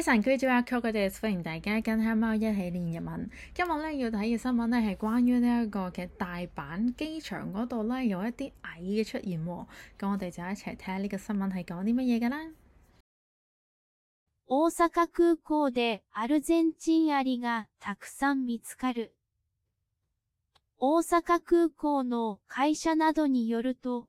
歡迎大家跟黑貓一起練日文。今日咧要睇嘅新聞咧係關於呢一個嘅大阪機場嗰度咧有一啲蟻嘅出現喎。咁我哋就一齊睇下呢個新聞係講啲乜嘢㗎啦。大阪空港でアルゼンチン蟻がたくさん見つかる。大阪空港の會社などによると。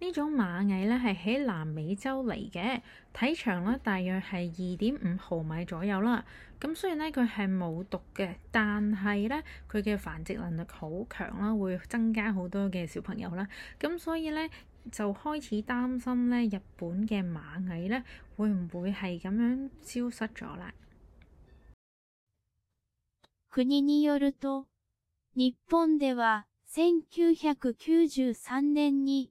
呢種螞蟻咧係喺南美洲嚟嘅，體長咧大約係二點五毫米左右啦。咁雖然咧佢係冇毒嘅，但係咧佢嘅繁殖能力好強啦，會增加好多嘅小朋友啦。咁所以咧就開始擔心咧日本嘅螞蟻咧會唔會係咁樣消失咗咧？據日語報道，日本では1993年に。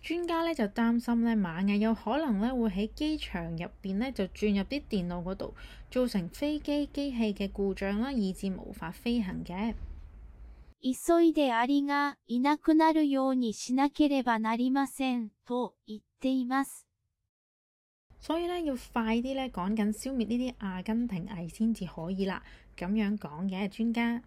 專家咧就擔心咧，螞蟻有可能咧會喺機場入邊咧就轉入啲電腦嗰度，造成飛機機器嘅故障啦，以致無法飛行嘅。所以咧要快啲咧，趕緊消滅呢啲阿根廷蟻先至可以啦。咁樣講嘅係專家。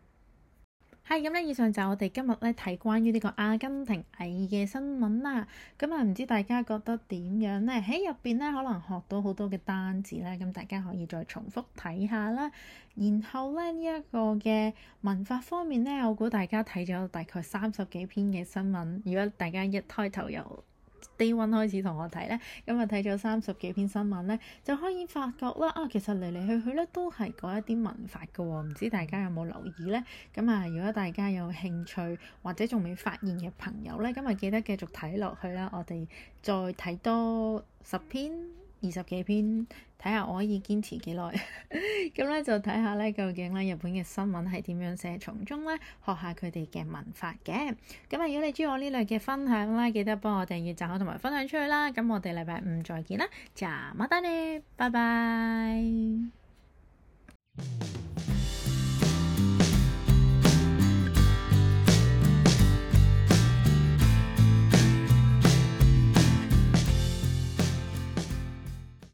係咁咧，以上就係我哋今日咧睇關於呢個阿根廷蟻嘅新聞啦。咁、嗯、啊，唔知大家覺得點樣咧？喺入邊咧，可能學到好多嘅單字咧，咁大家可以再重複睇下啦。然後咧，呢、這、一個嘅文化方面咧，我估大家睇咗大概三十幾篇嘅新聞。如果大家一開頭又～day one 開始同我睇咧，今日睇咗三十幾篇新聞咧，就可以發覺啦啊，其實嚟嚟去去咧都係嗰一啲文法㗎喎，唔知大家有冇留意咧？咁啊，如果大家有興趣或者仲未發現嘅朋友咧，今日記得繼續睇落去啦，我哋再睇多十篇。二十幾篇，睇下我可以堅持幾耐。咁 咧就睇下咧，究竟咧日本嘅新聞係點樣寫，從中咧學下佢哋嘅文法嘅。咁啊，如果你鍾意我呢類嘅分享咧，記得幫我訂閱讚好同埋分享出去啦。咁我哋禮拜五再見啦，じゃあまたね，拜拜。